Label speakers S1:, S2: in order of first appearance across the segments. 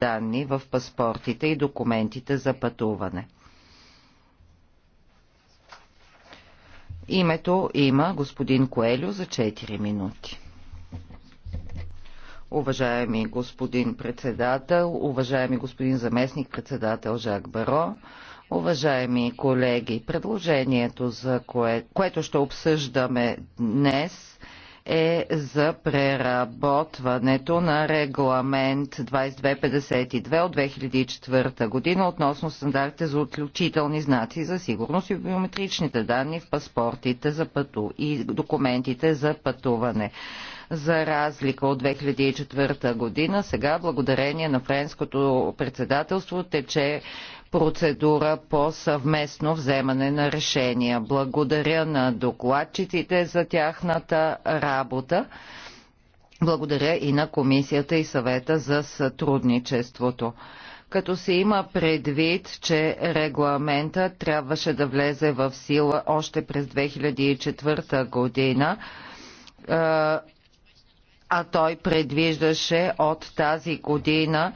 S1: данни в паспортите и документите за пътуване. Името има господин Коелю за 4 минути. Уважаеми господин председател, уважаеми господин заместник председател Жак Баро, уважаеми колеги, предложението, за кое, което ще обсъждаме днес, е за преработването на регламент 2252 от 2004 година относно стандартите за отключителни знаци за сигурност и биометричните данни в паспортите за пъту и документите за пътуване. За разлика от 2004 година, сега благодарение на френското председателство тече процедура по съвместно вземане на решения. Благодаря на докладчиците за тяхната работа. Благодаря и на комисията и съвета за сътрудничеството. Като се има предвид, че регламента трябваше да влезе в сила още през 2004 година, а той предвиждаше от тази година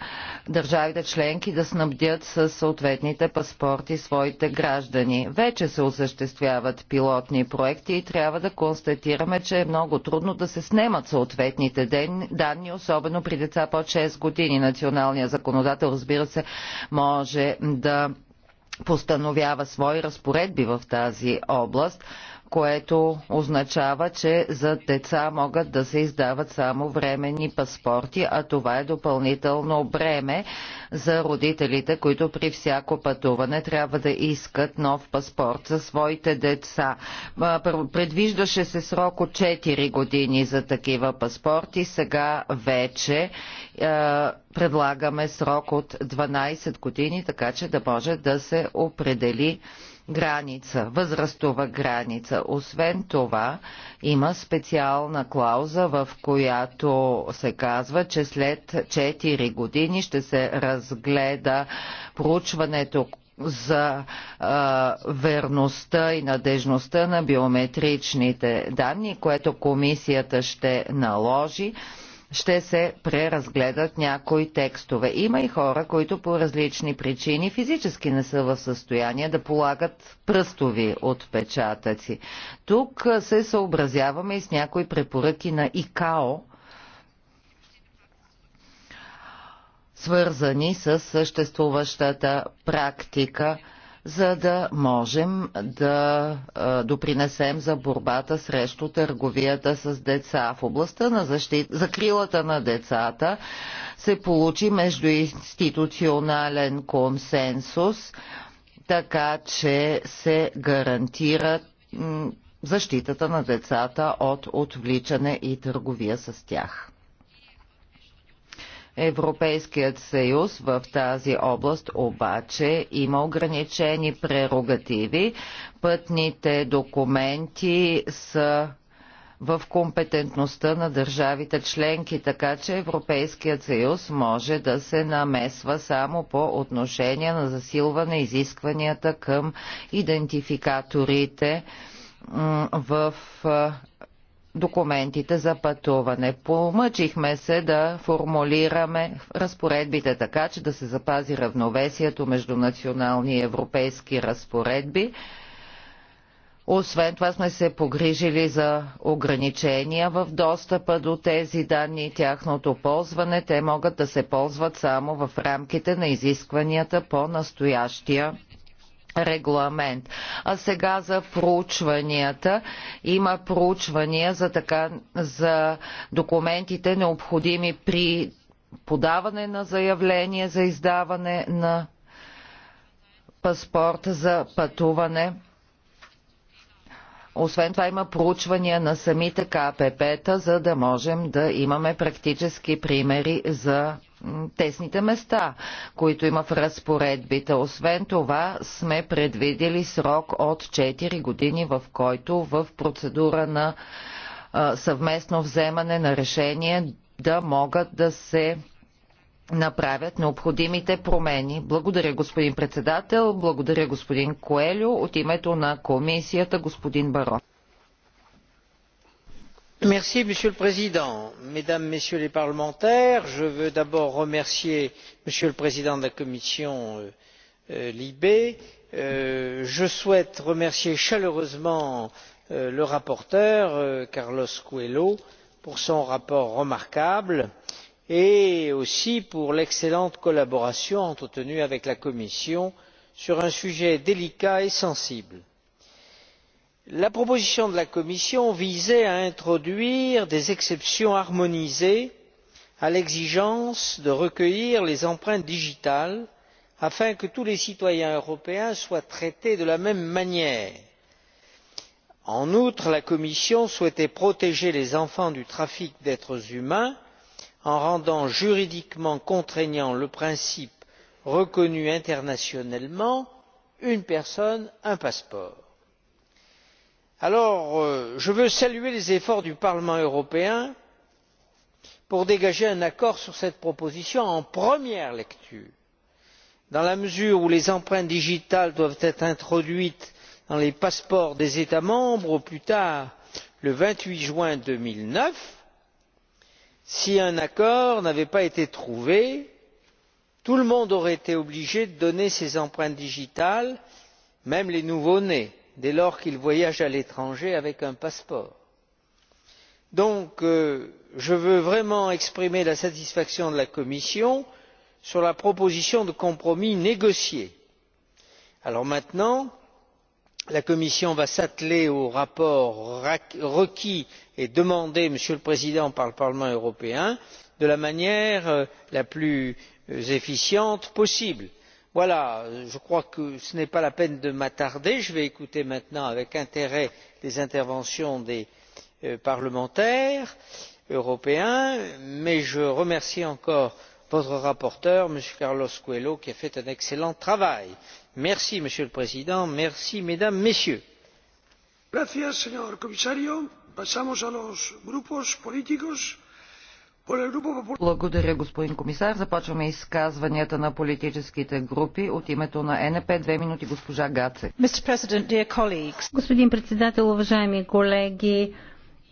S1: държавите членки да снабдят с съответните паспорти своите граждани. Вече се осъществяват пилотни проекти и трябва да констатираме, че е много трудно да се снемат съответните данни, особено при деца под 6 години. Националният законодател, разбира се, може да постановява свои разпоредби в тази област, което означава, че за деца могат да се издават само временни паспорти, а това е допълнително бреме за родителите, които при всяко пътуване трябва да искат нов паспорт за своите деца. Предвиждаше се срок от 4 години за такива паспорти, сега вече предлагаме срок от 12 години, така че да може да се определи граница, възрастова граница. Освен това, има специална клауза, в която се казва, че след 4 години ще се разгледа проучването, за а, верността и надежността на биометричните данни, което комисията ще наложи ще се преразгледат някои текстове. Има и хора, които по различни причини физически не са в състояние да полагат пръстови отпечатъци. Тук се съобразяваме и с някои препоръки на ИКАО, свързани с съществуващата практика – за да можем да допринесем за борбата срещу търговията с деца. В областта на защита, закрилата на децата се получи междуинституционален консенсус, така че се гарантира защитата на децата от отвличане и търговия с тях. Европейският съюз в тази област обаче има ограничени прерогативи. Пътните документи са в компетентността на държавите членки, така че Европейският съюз може да се намесва само по отношение на засилване изискванията към идентификаторите в документите за пътуване. Помъчихме се да формулираме разпоредбите така, че да се запази равновесието между национални и европейски разпоредби. Освен това сме се погрижили за ограничения в достъпа до тези данни и тяхното ползване. Те могат да се ползват само в рамките на изискванията по настоящия регламент. А сега за проучванията. Има проучвания за, така, за документите необходими при подаване на заявление за издаване на паспорт за пътуване. Освен това има проучвания на самите КПП-та, за да можем да имаме практически примери за тесните места, които има в разпоредбите. Освен това сме предвидели срок от 4 години, в който в процедура на съвместно вземане на решение да могат да се направят необходимите промени. Благодаря, господин председател, благодаря, господин Коелю. От името на комисията, господин Барон
S2: monsieur le président mesdames et messieurs les parlementaires je veux d'abord remercier m. le président de la commission libe. je souhaite remercier chaleureusement le rapporteur carlos coelho pour son rapport remarquable et aussi pour l'excellente collaboration entretenue avec la commission sur un sujet délicat et sensible la proposition de la commission visait à introduire des exceptions harmonisées à l'exigence de recueillir les empreintes digitales afin que tous les citoyens européens soient traités de la même manière. en outre la commission souhaitait protéger les enfants du trafic d'êtres humains en rendant juridiquement contraignant le principe reconnu internationalement une personne un passeport alors je veux saluer les efforts du parlement européen pour dégager un accord sur cette proposition en première lecture dans la mesure où les empreintes digitales doivent être introduites dans les passeports des états membres au plus tard le vingt huit juin deux mille neuf si un accord n'avait pas été trouvé tout le monde aurait été obligé de donner ses empreintes digitales même les nouveau nés dès lors qu'il voyage à l'étranger avec un passeport. je veux vraiment exprimer la satisfaction de la commission sur la proposition de compromis négociée. maintenant la commission va s'atteler au rapport requis et demandé monsieur le président par le parlement européen de la manière la plus efficiente possible voilà je crois que ce n'est pas la peine de m'attarder je vais écouter maintenant avec intérêt les interventions des parlementaires européens mais je remercie encore votre rapporteur m. carlos coelho qui a fait un excellent travail. merci monsieur le président merci mesdames et messieurs. pasamos a los grupos
S1: politiques. Благодаря, господин комисар. Започваме изказванията на политическите групи. От името на НП две минути госпожа Гаце.
S3: Господин председател, уважаеми колеги,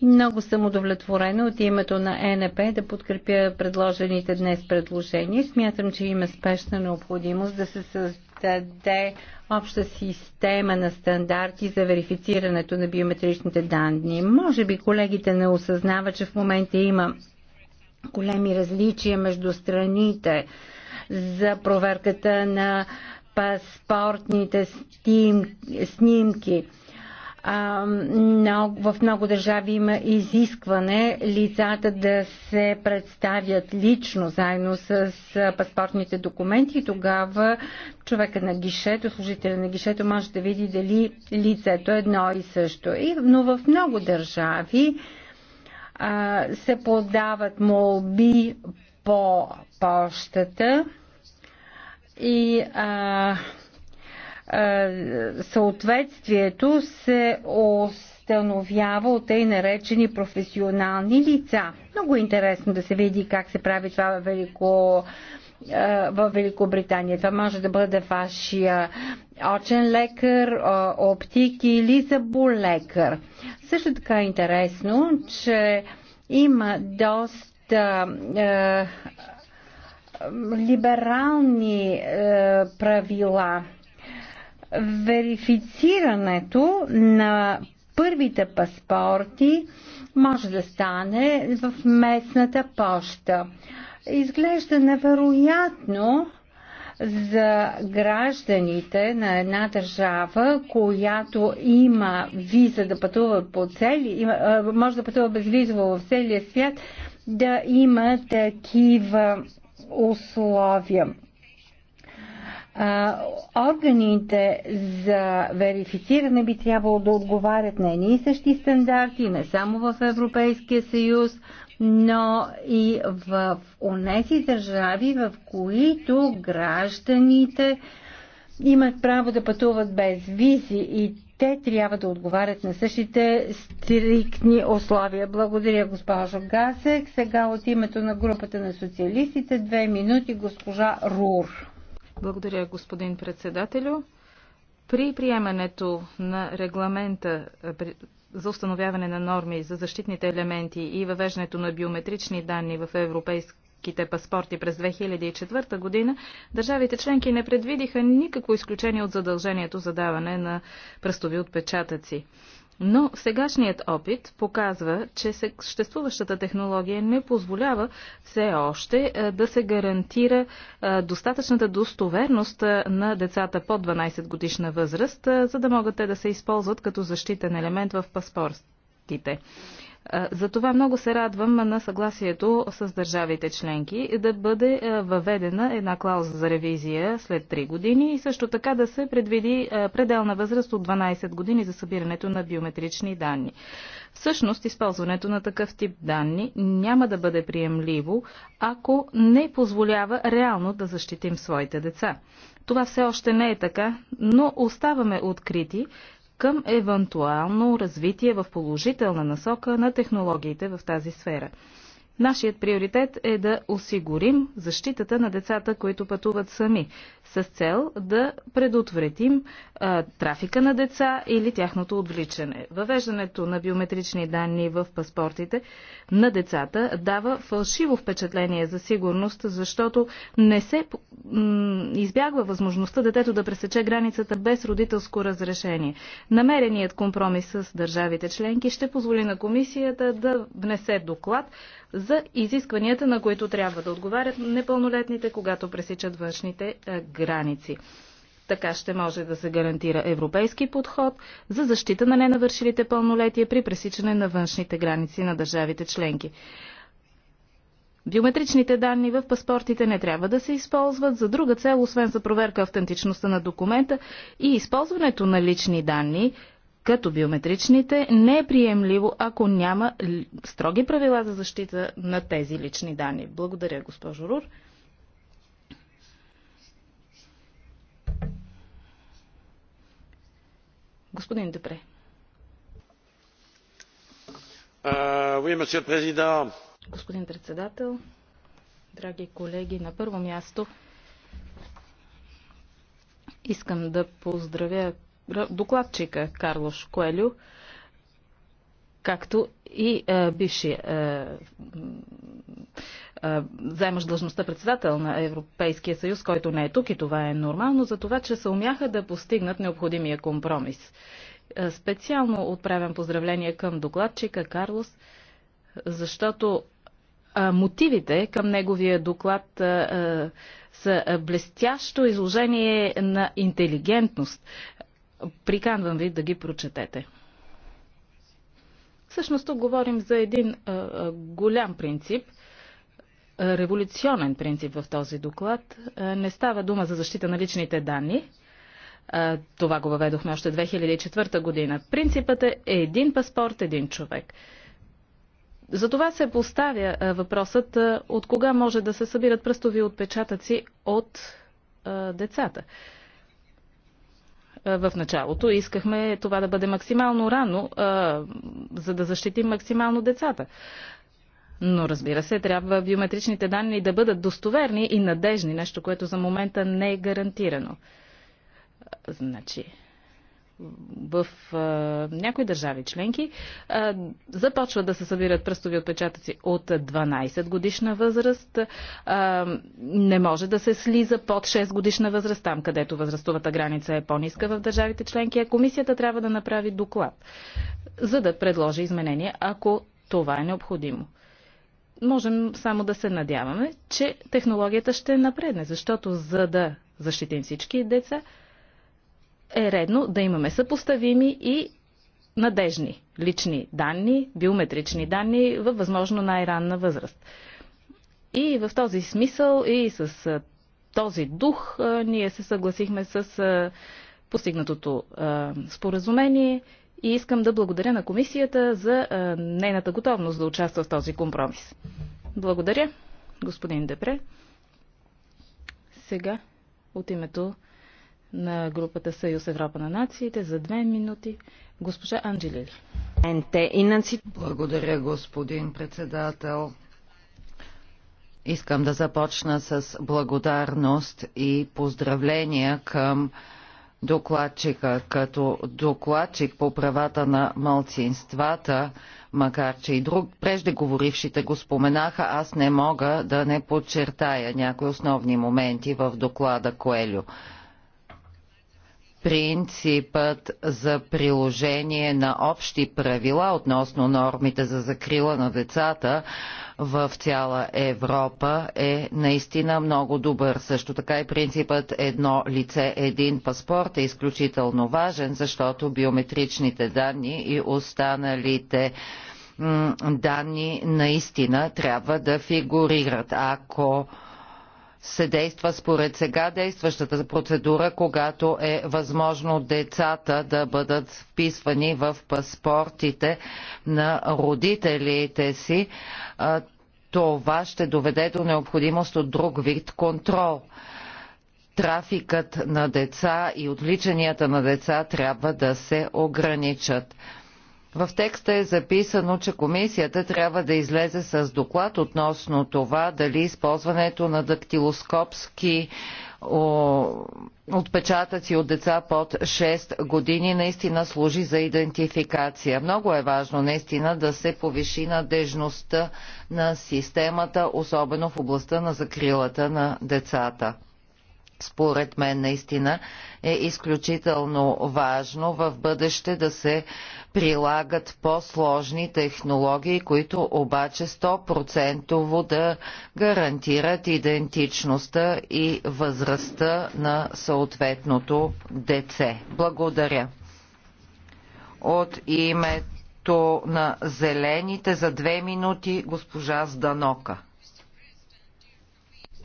S3: много съм удовлетворена от името на НП да подкрепя предложените днес предложения. Смятам, че има спешна необходимост да се създаде обща система на стандарти за верифицирането на биометричните данни. Може би колегите не осъзнават, че в момента има големи различия между страните за проверката на паспортните снимки. В много държави има изискване лицата да се представят лично, заедно с паспортните документи и тогава човека на гишето, служителя на гишето може да види дали лицето е едно и също. Но в много държави се подават молби по почтата и а, а, съответствието се установява от тъй наречени професионални лица. Много интересно да се види как се прави това велико в Великобритания. Това може да бъде вашия очен лекар, оптик или заболекар. Също така е интересно, че има доста е, либерални е, правила. Верифицирането на първите паспорти може да стане в местната поща изглежда невероятно за гражданите на една държава, която има виза да пътува по цели, може да пътува безвизово в целия свят, да има такива условия органите за верифициране би трябвало да отговарят на едни и същи стандарти, не само в Европейския съюз, но и в онези държави, в които гражданите имат право да пътуват без визи и те трябва да отговарят на същите стриктни условия. Благодаря, госпожо Гасек. Сега от името на групата на социалистите, две минути, госпожа
S4: Рур. Благодаря, господин председателю. При приемането на регламента за установяване на норми за защитните елементи и въвеждането на биометрични данни в европейските паспорти през 2004 година, държавите членки не предвидиха никакво изключение от задължението за даване на пръстови отпечатъци. Но сегашният опит показва, че съществуващата технология не позволява все още е, да се гарантира е, достатъчната достоверност е, на децата под 12 годишна възраст, за да могат те да се използват като защитен елемент в паспортите. Затова много се радвам на съгласието с държавите членки да бъде въведена една клауза за ревизия след 3 години и също така да се предвиди пределна възраст от 12 години за събирането на биометрични данни. Всъщност, използването на такъв тип данни няма да бъде приемливо, ако не позволява реално да защитим своите деца. Това все още не е така, но оставаме открити към евентуално развитие в положителна насока на технологиите в тази сфера. Нашият приоритет е да осигурим защитата на децата, които пътуват сами, с цел да предотвратим а, трафика на деца или тяхното отвличане. Въвеждането на биометрични данни в паспортите на децата дава фалшиво впечатление за сигурност, защото не се избягва възможността детето да пресече границата без родителско разрешение. Намереният компромис с държавите членки ще позволи на комисията да внесе доклад за изискванията, на които трябва да отговарят непълнолетните, когато пресичат външните е, граници. Така ще може да се гарантира европейски подход за защита на ненавършилите пълнолетие при пресичане на външните граници на държавите членки. Биометричните данни в паспортите не трябва да се използват за друга цел, освен за проверка автентичността на документа и използването на лични данни като биометричните, не е приемливо, ако няма строги правила за защита на тези лични данни. Благодаря, госпожо Рур. Господин Депре.
S2: Uh, oui,
S4: Господин председател, драги колеги, на първо място искам да поздравя докладчика Карлош Коелю, както и е, заемаш е, е, длъжността председател на Европейския съюз, който не е тук и това е нормално, за това, че се умяха да постигнат необходимия компромис. Е, специално отправям поздравление към докладчика Карлос, защото е, мотивите към неговия доклад е, са блестящо изложение на интелигентност, Приканвам ви да ги прочетете. Всъщност тук говорим за един а, а, голям принцип, а, революционен принцип в този доклад. А, не става дума за защита на личните данни. А, това го въведохме още 2004 година. Принципът е един паспорт, един човек. За това се поставя а, въпросът а, от кога може да се събират пръстови отпечатъци от а, децата в началото искахме това да бъде максимално рано, за да защитим максимално децата. Но разбира се, трябва биометричните данни да бъдат достоверни и надежни, нещо, което за момента не е гарантирано. Значи, в а, някои държави членки а, започват да се събират пръстови отпечатъци от 12 годишна възраст. А, не може да се слиза под 6 годишна възраст, там където възрастовата граница е по-ниска в държавите членки, а комисията трябва да направи доклад, за да предложи изменения, ако това е необходимо можем само да се надяваме, че технологията ще напредне, защото за да защитим всички деца, е редно да имаме съпоставими и надежни лични данни, биометрични данни във възможно най-ранна възраст. И в този смисъл и с този дух ние се съгласихме с постигнатото споразумение и искам да благодаря на комисията за нейната готовност да участва в този компромис. Благодаря, господин Депре. Сега от името на групата Съюз Европа на нациите за две минути.
S1: Госпожа Анджелили. Благодаря, господин председател. Искам да започна с благодарност и поздравления към докладчика. Като докладчик по правата на малцинствата, макар че и друг преждеговорившите го споменаха, аз не мога да не подчертая някои основни моменти в доклада Коелю принципът за приложение на общи правила относно нормите за закрила на децата в цяла Европа е наистина много добър. Също така и принципът едно лице, един паспорт е изключително важен, защото биометричните данни и останалите данни наистина трябва да фигурират. Ако се действа според сега действащата процедура, когато е възможно децата да бъдат вписвани в паспортите на родителите си. Това ще доведе до необходимост от друг вид контрол. Трафикът на деца и отличанията на деца трябва да се ограничат. В текста е записано, че комисията трябва да излезе с доклад относно това дали използването на дактилоскопски отпечатъци от деца под 6 години наистина служи за идентификация. Много е важно наистина да се повиши надежността на системата, особено в областта на закрилата на децата според мен наистина е изключително важно в бъдеще да се прилагат по-сложни технологии, които обаче 100% да гарантират идентичността и възрастта на съответното деце. Благодаря. От името на зелените за две минути госпожа Зданока.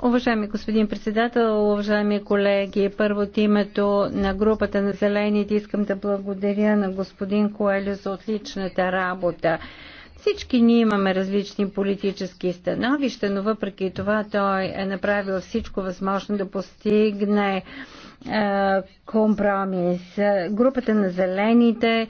S3: Уважаеми господин председател, уважаеми колеги, първо от името на групата на зелените искам да благодаря на господин Коелю за отличната работа. Всички ние имаме различни политически становища, но въпреки това той е направил всичко възможно да постигне е, компромис. Групата на зелените е,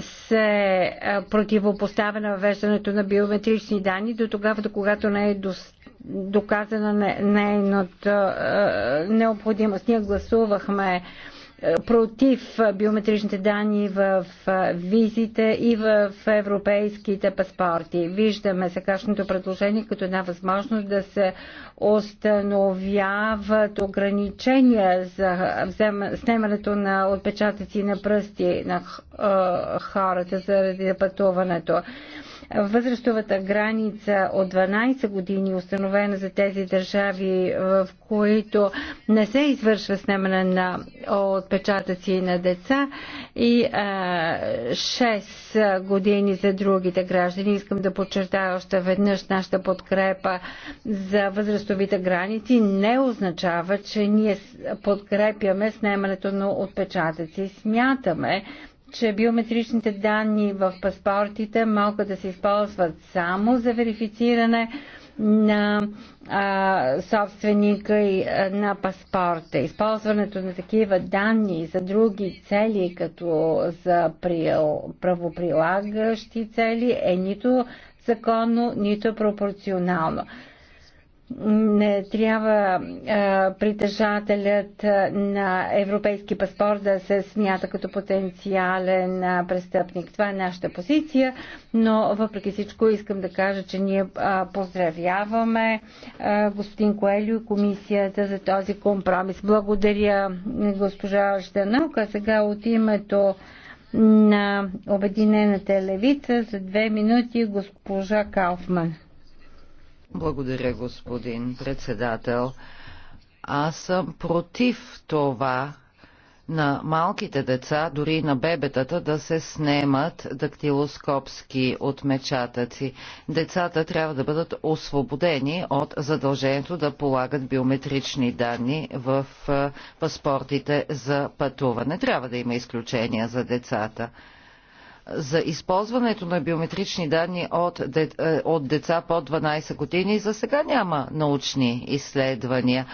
S3: се е, противопоставя на въвеждането на биометрични данни до тогава, до когато не е достатъчно доказана нейната е, необходимост. Ние гласувахме е, против биометричните данни в визите и в европейските паспорти. Виждаме сегашното предложение като една възможност да се установяват ограничения за снемането на отпечатъци на пръсти на е, хората заради пътуването възрастовата граница от 12 години, установена за тези държави, в които не се извършва снемане на отпечатъци на деца и а, 6 години за другите граждани. Искам да подчертая още веднъж нашата подкрепа за възрастовите граници не означава, че ние подкрепяме снемането на отпечатъци. Смятаме, че биометричните данни в паспортите могат да се използват само за верифициране на а, собственика и, а, на паспорта. Използването на такива данни за други цели, като за прил, правоприлагащи цели, е нито законно, нито пропорционално не трябва а, притежателят на европейски паспорт да се смята като потенциален а, престъпник. Това е нашата позиция, но въпреки всичко искам да кажа, че ние а, поздравяваме а, господин Коелю и комисията за този компромис. Благодаря госпожа Жданука. Сега от името на Обединената левица за две минути госпожа Кауфман.
S1: Благодаря, господин председател. Аз съм против това на малките деца, дори на бебетата, да се снемат дактилоскопски отмечатъци. Децата трябва да бъдат освободени от задължението да полагат биометрични данни в паспортите за пътуване. Трябва да има изключения за децата за използването на биометрични данни от, е, от деца под 12 години за сега няма научни изследвания.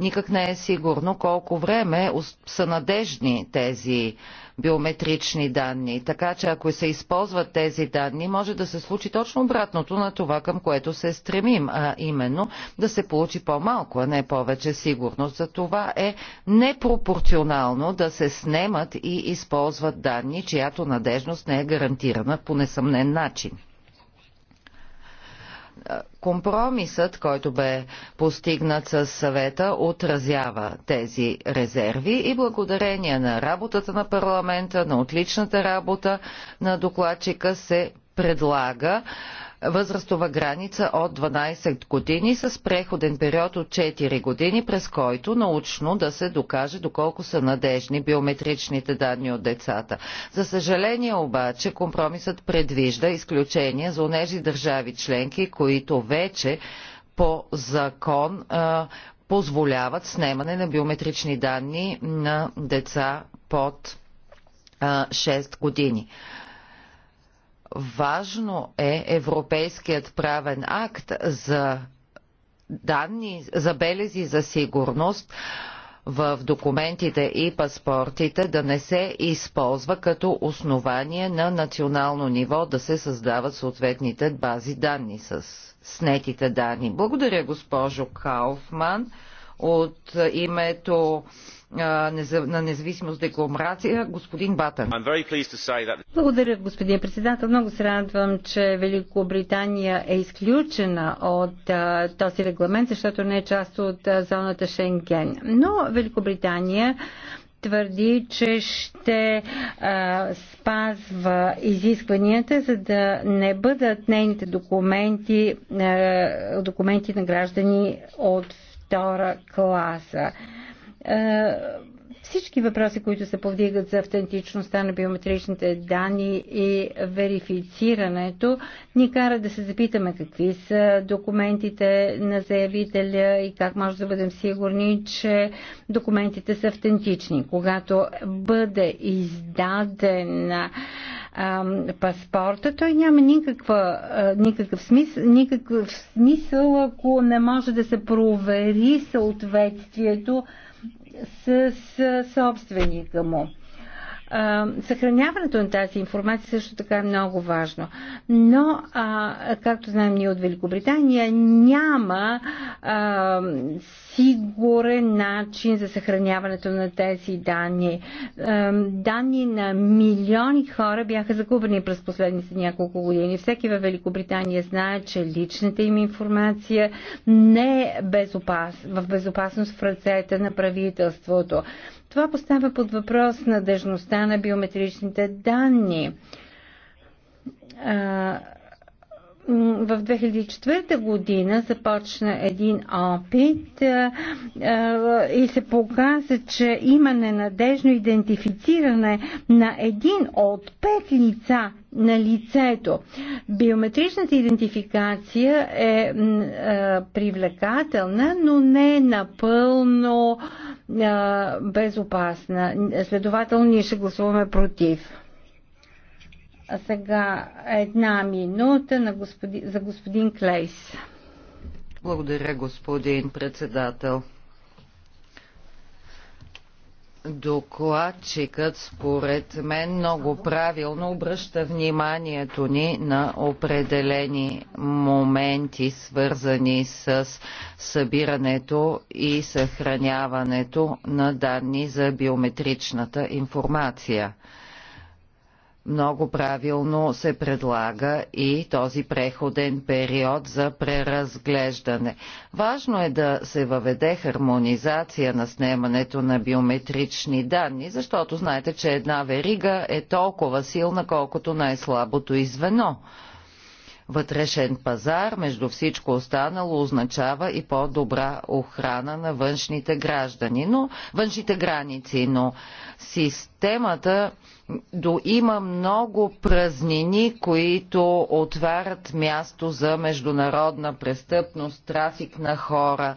S1: Никак не е сигурно колко време са надежни тези биометрични данни. Така че ако се използват тези данни, може да се случи точно обратното на това, към което се стремим, а именно да се получи по-малко, а не повече сигурност. За това е непропорционално да се снемат и използват данни, чиято надежност не е гарантирана по несъмнен начин компромисът, който бе постигнат с съвета, отразява тези резерви и благодарение на работата на парламента, на отличната работа на докладчика се предлага възрастова граница от 12 години с преходен период от 4 години, през който научно да се докаже доколко са надежни биометричните данни от децата. За съжаление обаче компромисът предвижда изключения за онези държави членки, които вече по закон а, позволяват снемане на биометрични данни на деца под а, 6 години важно е европейският правен акт за данни, за белези за сигурност в документите и паспортите да не се използва като основание на национално ниво да се създават съответните бази данни с снетите данни. Благодаря, госпожо Кауфман. От името на независимост декларация, господин Батън.
S3: Благодаря, господин председател. Много се радвам, че Великобритания е изключена от този регламент, защото не е част от зоната Шенген. Но Великобритания твърди, че ще а, спазва изискванията, за да не бъдат нейните документи, а, документи на граждани от втора класа. Е, всички въпроси, които се повдигат за автентичността на биометричните данни и верифицирането, ни кара да се запитаме какви са документите на заявителя и как може да бъдем сигурни, че документите са автентични. Когато бъде издаден паспорта, той няма никаква, никакъв, смисъл, никакъв смисъл, ако не може да се провери съответствието с собственика му съхраняването на тази информация също така е много важно. Но, а, както знаем ние от Великобритания, няма а, сигурен начин за съхраняването на тези данни. А, данни на милиони хора бяха загубени през последните няколко години. Всеки във Великобритания знае, че личната им информация не е безопас, в безопасност в ръцете на правителството. Това поставя под въпрос надежността на биометричните данни. А, в 2004 година започна един опит и се показа, че има ненадежно идентифициране на един от пет лица на лицето. Биометричната идентификация е привлекателна, но не е напълно безопасна. Следователно, ние ще гласуваме против. А сега една минута на господи, за господин
S1: Клейс. Благодаря, господин председател. Докладчикът, според мен, много правилно обръща вниманието ни на определени моменти, свързани с събирането и съхраняването на данни за биометричната информация много правилно се предлага и този преходен период за преразглеждане. Важно е да се въведе хармонизация на снимането на биометрични данни, защото знаете, че една верига е толкова силна, колкото най-слабото извено. Вътрешен пазар, между всичко останало, означава и по-добра охрана на външните граждани, но външните граници, но системата до има много празнини, които отварят място за международна престъпност, трафик на хора,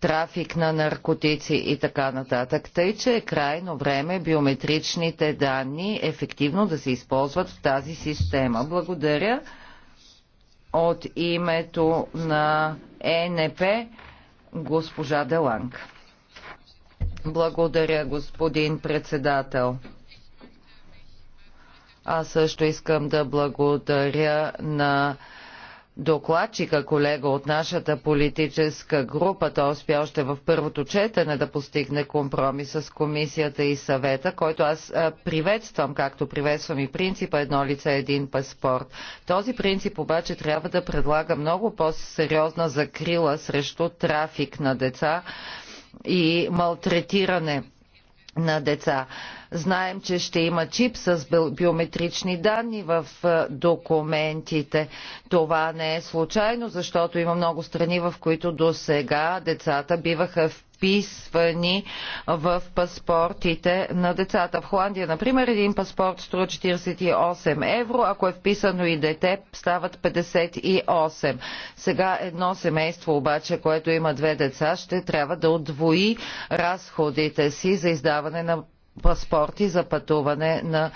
S1: трафик на наркотици и така нататък. Тъй, че е крайно време биометричните данни ефективно да се използват в тази система. Благодаря от името на ЕНП госпожа Деланг. Благодаря, господин председател. Аз също искам да благодаря на докладчика, колега от нашата политическа група. Той успя още в първото четене да постигне компромис с комисията и съвета, който аз приветствам, както приветствам и принципа едно лице, един паспорт. Този принцип обаче трябва да предлага много по-сериозна закрила срещу трафик на деца и малтретиране на деца. Знаем, че ще има чип с биометрични данни в е, документите. Това не е случайно, защото има много страни, в които до сега децата биваха в вписвани в паспортите на децата. В Холандия, например, един паспорт струва 48 евро, ако е вписано и дете, стават 58. Сега едно семейство обаче, което има две деца, ще трябва да отвои разходите си за издаване на паспорти за пътуване на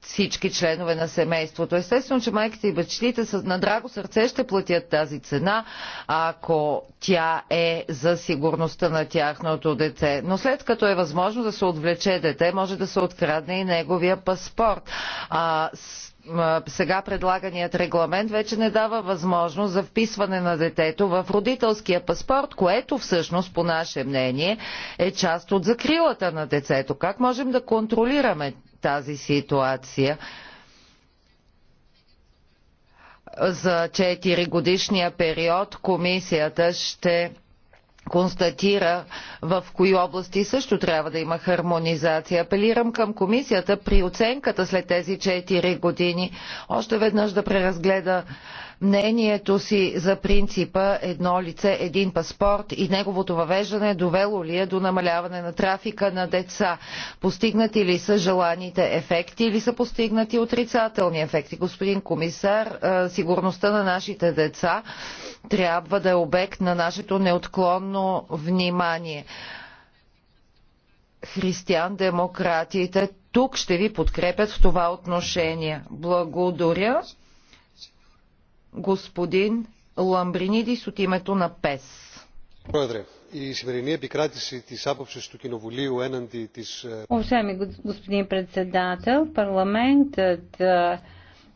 S1: всички членове на семейството. Естествено, че майките и са на драго сърце ще платят тази цена, ако тя е за сигурността на тяхното дете. Но след като е възможно да се отвлече дете, може да се открадне и неговия паспорт. А, сега предлаганият регламент вече не дава възможност за вписване на детето в родителския паспорт, което всъщност, по наше мнение, е част от закрилата на децето. Как можем да контролираме тази ситуация? За 4 годишния период комисията ще констатира в кои области също трябва да има хармонизация. Апелирам към комисията при оценката след тези 4 години още веднъж да преразгледа мнението си за принципа едно лице, един паспорт и неговото въвеждане довело ли е до намаляване на трафика на деца? Постигнати ли са желаните ефекти или са постигнати отрицателни ефекти? Господин комисар, сигурността на нашите деца трябва да е обект на нашето неотклонно внимание християн-демократите тук ще ви подкрепят в това отношение. Благодаря господин Ламбринидис от името на ПЕС.
S4: Πρόεδρε, η σημερινή επικράτηση της
S1: άποψης του Κοινοβουλίου έναντι της...
S3: Уважаеми господин председател, парламентът е,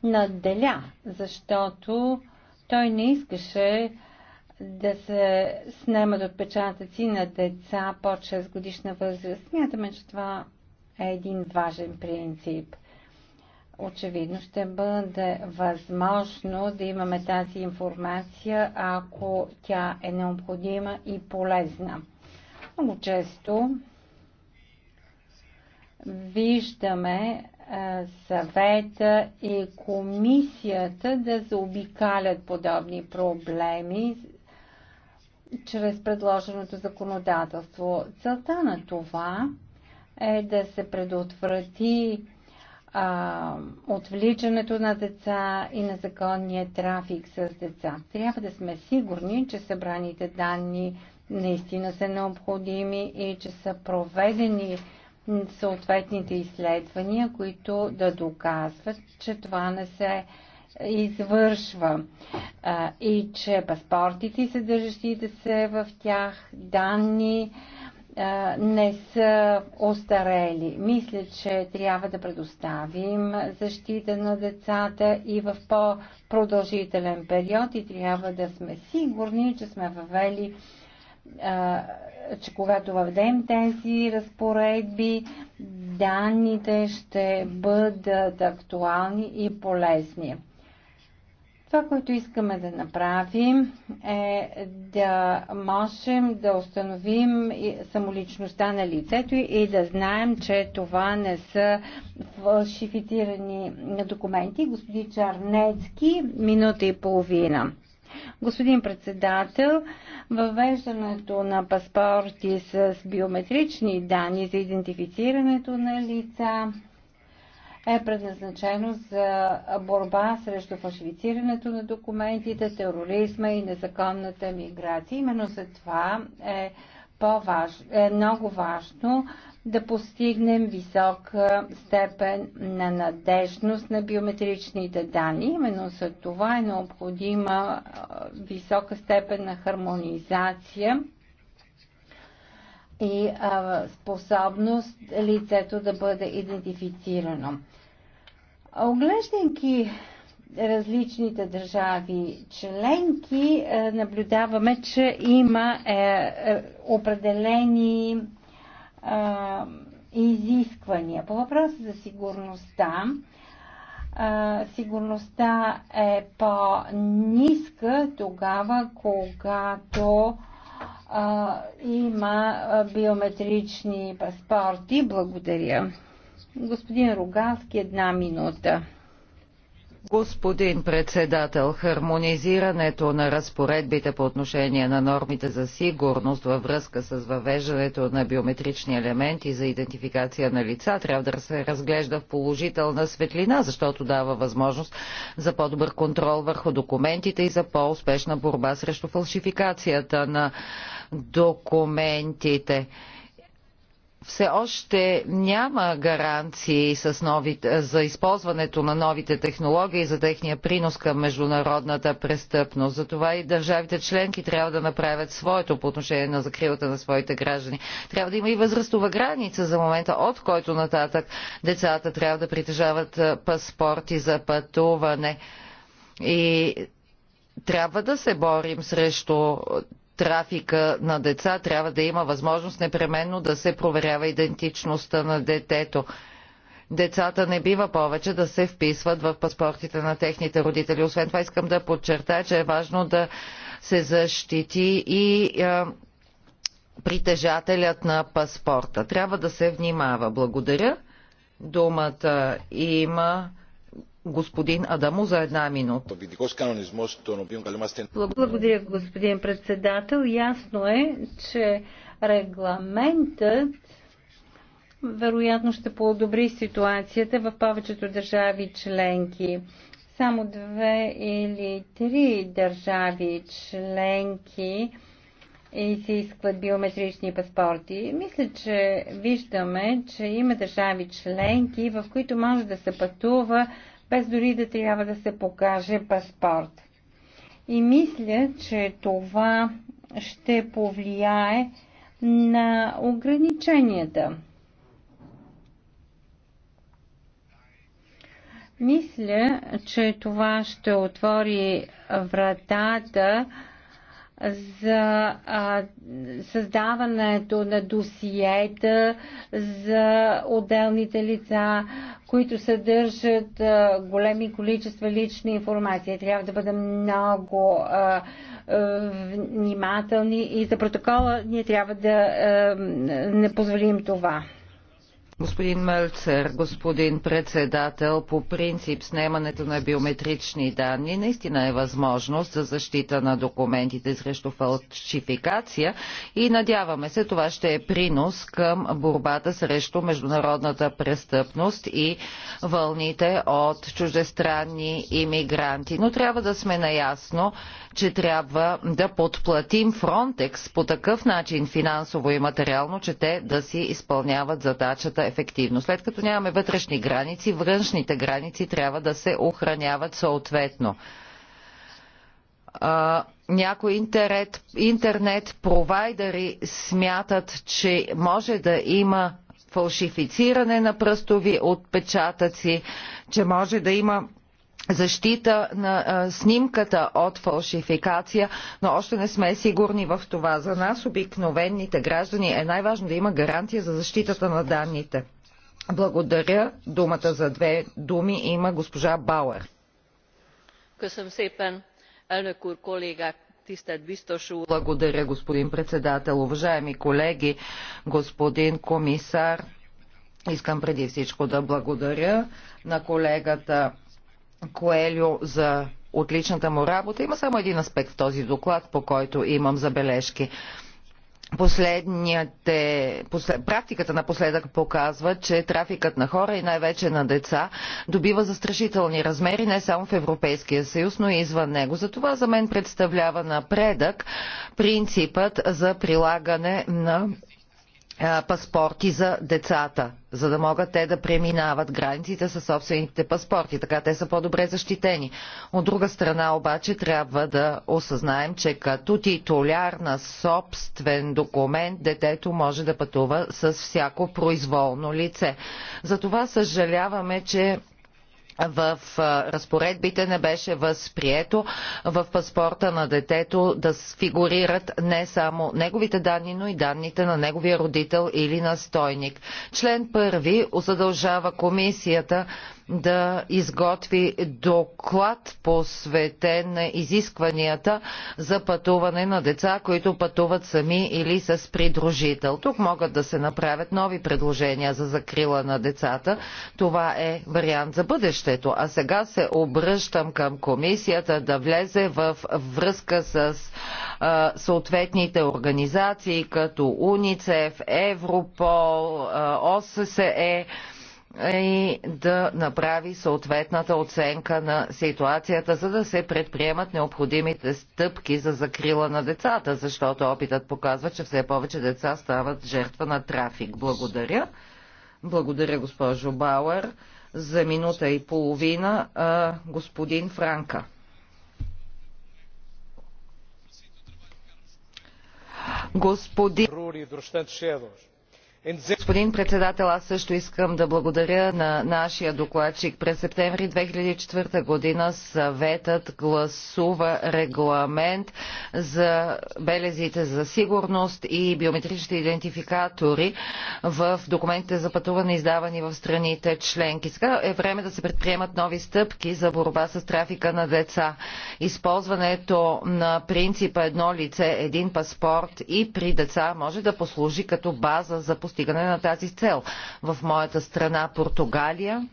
S3: надделя, защото той не искаше да се снемат отпечатъци на деца под 6 годишна възраст. Смятаме, че това е един важен принцип. Очевидно ще бъде възможно да имаме тази информация, ако тя е необходима и полезна. Много често виждаме съвета и комисията да заобикалят подобни проблеми чрез предложеното законодателство. Целта на това е да се предотврати а, отвличането на деца и незаконния трафик с деца. Трябва да сме сигурни, че събраните данни наистина са необходими и че са проведени съответните изследвания, които да доказват, че това не се е извършва а, и че паспортите, съдържащите се в тях, данни а, не са остарели. Мисля, че трябва да предоставим защита на децата и в по-продължителен период и трябва да сме сигурни, че сме въвели а, че когато въведем тези разпоредби, данните ще бъдат актуални и полезни. Това, което искаме да направим е да можем да установим самоличността на лицето и да знаем, че това не са фалшифицирани документи. Господин Чарнецки, минута и половина. Господин председател, въвеждането на паспорти с биометрични данни за идентифицирането на лица е предназначено за борба срещу фалшифицирането на документите, тероризма и незаконната миграция. Именно за това е, по-важ, е много важно да постигнем висока степен на надежност на биометричните данни. Именно за това е необходима висока степен на хармонизация и а, способност лицето да бъде идентифицирано. Оглеждайки различните държави членки, е, наблюдаваме, че има е, е, определени е, изисквания. По въпроса за сигурността, сигурността е по-ниска тогава, когато а, има биометрични паспорти. Благодаря. Господин Рогански, една минута.
S1: Господин председател, хармонизирането на разпоредбите по отношение на нормите за сигурност във връзка с въвеждането на биометрични елементи за идентификация на лица трябва да се разглежда в положителна светлина, защото дава възможност за по-добър контрол върху документите и за по-успешна борба срещу фалшификацията на документите все още няма гаранции с новите, за използването на новите технологии за техния принос към международната престъпност. Затова и държавите членки трябва да направят своето по отношение на закрилата на своите граждани. Трябва да има и възрастова граница за момента, от който нататък децата трябва да притежават е, паспорти за пътуване. И трябва да се борим срещу трафика на деца трябва да има възможност непременно да се проверява идентичността на детето. Децата не бива повече да се вписват в паспортите на техните родители. Освен това искам да подчертая, че е важно да се защити и е, притежателят на паспорта. Трябва да се внимава. Благодаря. Думата има господин Адамо за една минута.
S3: Благодаря, господин председател. Ясно е, че регламентът вероятно ще подобри ситуацията в повечето държави членки. Само две или три държави членки изискват биометрични паспорти. Мисля, че виждаме, че има държави членки, в които може да се пътува без дори да трябва да се покаже паспорт. И мисля, че това ще повлияе на ограниченията. Мисля, че това ще отвори вратата за а, създаването на досиета за отделните лица, които съдържат а, големи количества лична информация. Трябва да бъдем много а, а, внимателни и за протокола ние трябва да а, не позволим това.
S1: Господин Мълцер, господин председател, по принцип снемането на биометрични данни наистина е възможност за защита на документите срещу фалшификация и надяваме се това ще е принос към борбата срещу международната престъпност и вълните от чуждестранни иммигранти. Но трябва да сме наясно, че трябва да подплатим Фронтекс по такъв начин финансово и материално, че те да си изпълняват задачата ефективно. След като нямаме вътрешни граници, външните граници трябва да се охраняват съответно някои интернет, интернет провайдери смятат, че може да има фалшифициране на пръстови отпечатъци, че може да има защита на а, снимката от фалшификация, но още не сме сигурни в това. За нас, обикновените граждани, е най-важно да има гарантия за защитата на данните. Благодаря. Думата за две думи има госпожа Бауер. Благодаря, господин председател. Уважаеми колеги, господин комисар, искам преди всичко да благодаря на колегата Коелю за отличната му работа. Има само един аспект в този доклад, по който имам забележки. Последните, послед, практиката напоследък показва, че трафикът на хора и най-вече на деца добива застрашителни размери не само в Европейския съюз, но и извън него. Затова за мен представлява напредък принципът за прилагане на паспорти за децата, за да могат те да преминават границите със собствените паспорти. Така те са по-добре защитени. От друга страна обаче трябва да осъзнаем, че като титуляр на собствен документ детето може да пътува с всяко произволно лице. Затова съжаляваме, че в разпоредбите не беше възприето в паспорта на детето да фигурират не само неговите данни, но и данните на неговия родител или настойник. Член първи задължава комисията да изготви доклад посветен на изискванията за пътуване на деца, които пътуват сами или с придружител. Тук могат да се направят нови предложения за закрила на децата. Това е вариант за бъдещето. А сега се обръщам към комисията да влезе в връзка с а, съответните организации като УНИЦЕФ, Европол, а, ОССЕ, и да направи съответната оценка на ситуацията, за да се предприемат необходимите стъпки за закрила на децата, защото опитът показва, че все повече деца стават жертва на трафик. Благодаря. Благодаря, госпожо Бауер. За минута и половина господин Франка. Господин. Господин председател, аз също искам да благодаря на нашия докладчик. През септември 2004 година съветът гласува регламент за белезите за сигурност и биометричните идентификатори в документите за пътуване, издавани в страните членки. Сега е време да се предприемат нови стъпки за борба с трафика на деца. Използването на принципа едно лице, един паспорт и при деца може да послужи като база за постигане на тази цел. В моята страна Португалия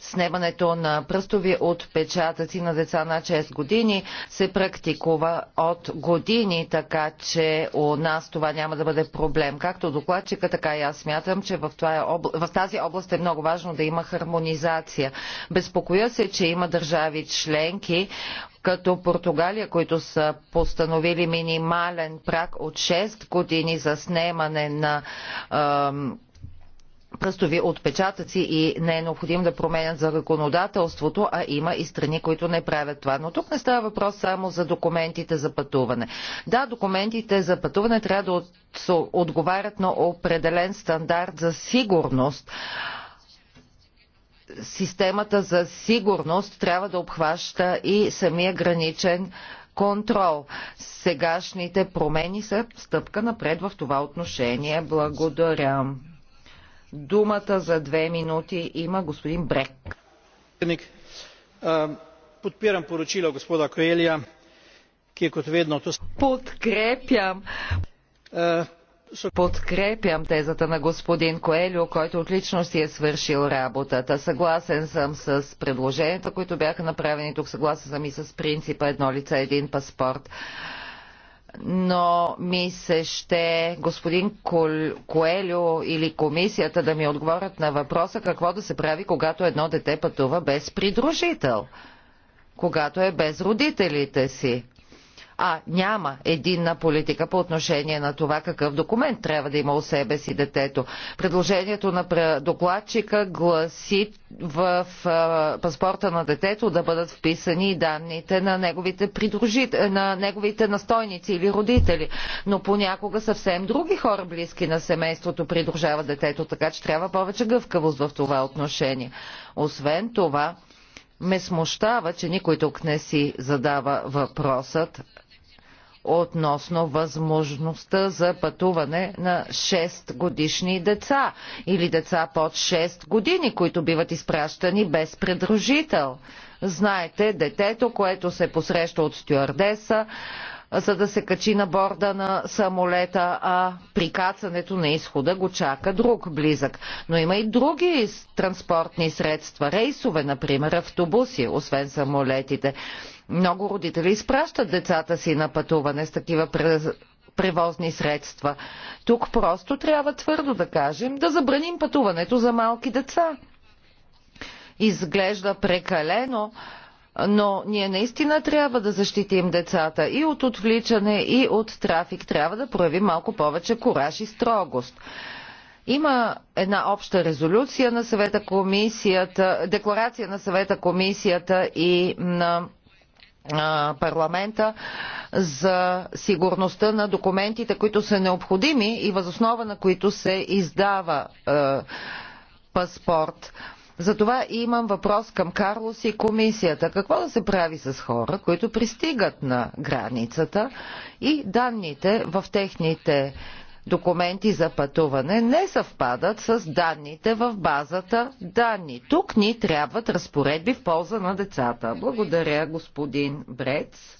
S1: снемането на пръстови отпечатъци на деца на 6 години се практикува от години, така че у нас това няма да бъде проблем. Както докладчика, така и аз смятам, че в, това е обла... в тази област е много важно да има хармонизация. Безпокоя се, че има държави членки, като Португалия, които са постановили минимален прак от 6 години за снемане на пръстови отпечатъци и не е необходимо да променят законодателството, а има и страни, които не правят това. Но тук не става въпрос само за документите за пътуване. Да, документите за пътуване трябва да отговарят на определен стандарт за сигурност системата за сигурност трябва да обхваща и самия граничен контрол. Сегашните промени са стъпка напред в това отношение. Благодаря. Думата за две минути има господин Брек.
S2: Подпирам поручило господа Коелия, ки е kot Подкрепям. Подкрепям
S1: тезата на господин Коелио, който отлично си е свършил работата. Съгласен съм с предложенията, които бяха направени тук. Съгласен съм и с принципа едно лице, един паспорт. Uh, но ми се ще господин Коелю или комисията да ми отговорят на въпроса какво да се прави, когато едно дете пътува без придружител, когато е без родителите си а няма единна политика по отношение на това какъв документ трябва да има у себе си детето. Предложението на докладчика гласи в паспорта на детето да бъдат вписани и данните на неговите, на неговите настойници или родители, но понякога съвсем други хора, близки на семейството, придружават детето, така че трябва повече гъвкавост в това отношение. Освен това, ме смущава, че никой тук не си задава въпросът относно възможността за пътуване на 6 годишни деца или деца под 6 години, които биват изпращани без предружител. Знаете, детето, което се посреща от стюардеса, за да се качи на борда на самолета, а прикацането на изхода го чака друг близък. Но има и други транспортни средства, рейсове, например, автобуси, освен самолетите. Много родители изпращат децата си на пътуване с такива превозни средства. Тук просто трябва твърдо да кажем да забраним пътуването за малки деца. Изглежда прекалено, но ние наистина трябва да защитим децата и от отвличане, и от трафик. Трябва да проявим малко повече кораж и строгост. Има една обща резолюция на съвета комисията, декларация на съвета комисията и на парламента за сигурността на документите, които са необходими и възоснова на които се издава е, паспорт. Затова имам въпрос към Карлос и комисията. Какво да се прави с хора, които пристигат на границата и данните в техните документи за пътуване не съвпадат с данните в базата данни. Тук ни трябват разпоредби в полза на децата. Благодаря, господин Брец.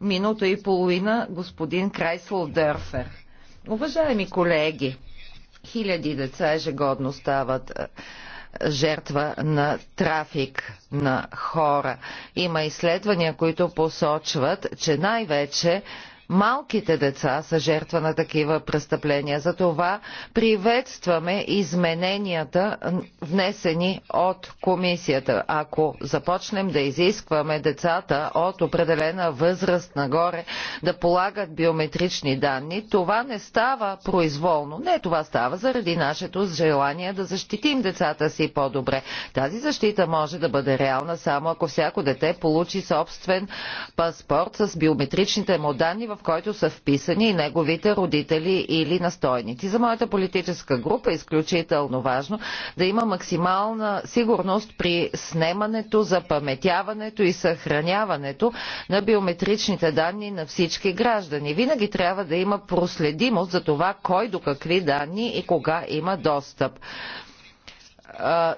S1: Минута и половина, господин Крайсъл Дърфер. Уважаеми колеги, хиляди деца ежегодно стават е, жертва на трафик на хора. Има изследвания, които посочват, че най-вече Малките деца са жертва на такива престъпления. Затова приветстваме измененията, внесени от комисията. Ако започнем да изискваме децата от определена възраст нагоре да полагат биометрични данни, това не става произволно. Не, това става заради нашето желание да защитим децата си по-добре. Тази защита може да бъде реална само ако всяко дете получи собствен паспорт с биометричните му данни в който са вписани и неговите родители или настойници. За моята политическа група е изключително важно да има максимална сигурност при снемането, запаметяването и съхраняването на биометричните данни на всички граждани. Винаги трябва да има проследимост за това кой до какви данни и кога има достъп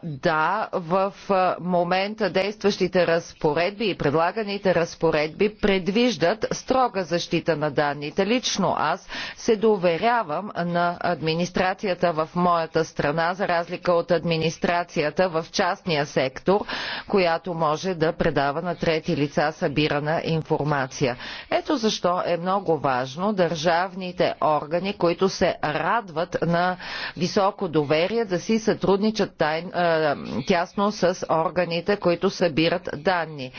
S1: да, в момента действащите разпоредби и предлаганите разпоредби предвиждат строга защита на данните. Лично аз се доверявам на администрацията в моята страна, за разлика от администрацията в частния сектор, която може да предава на трети лица събирана информация. Ето защо е много важно държавните органи, които се радват на високо доверие, да си сътрудничат тайно тясно с органите, които събират данни.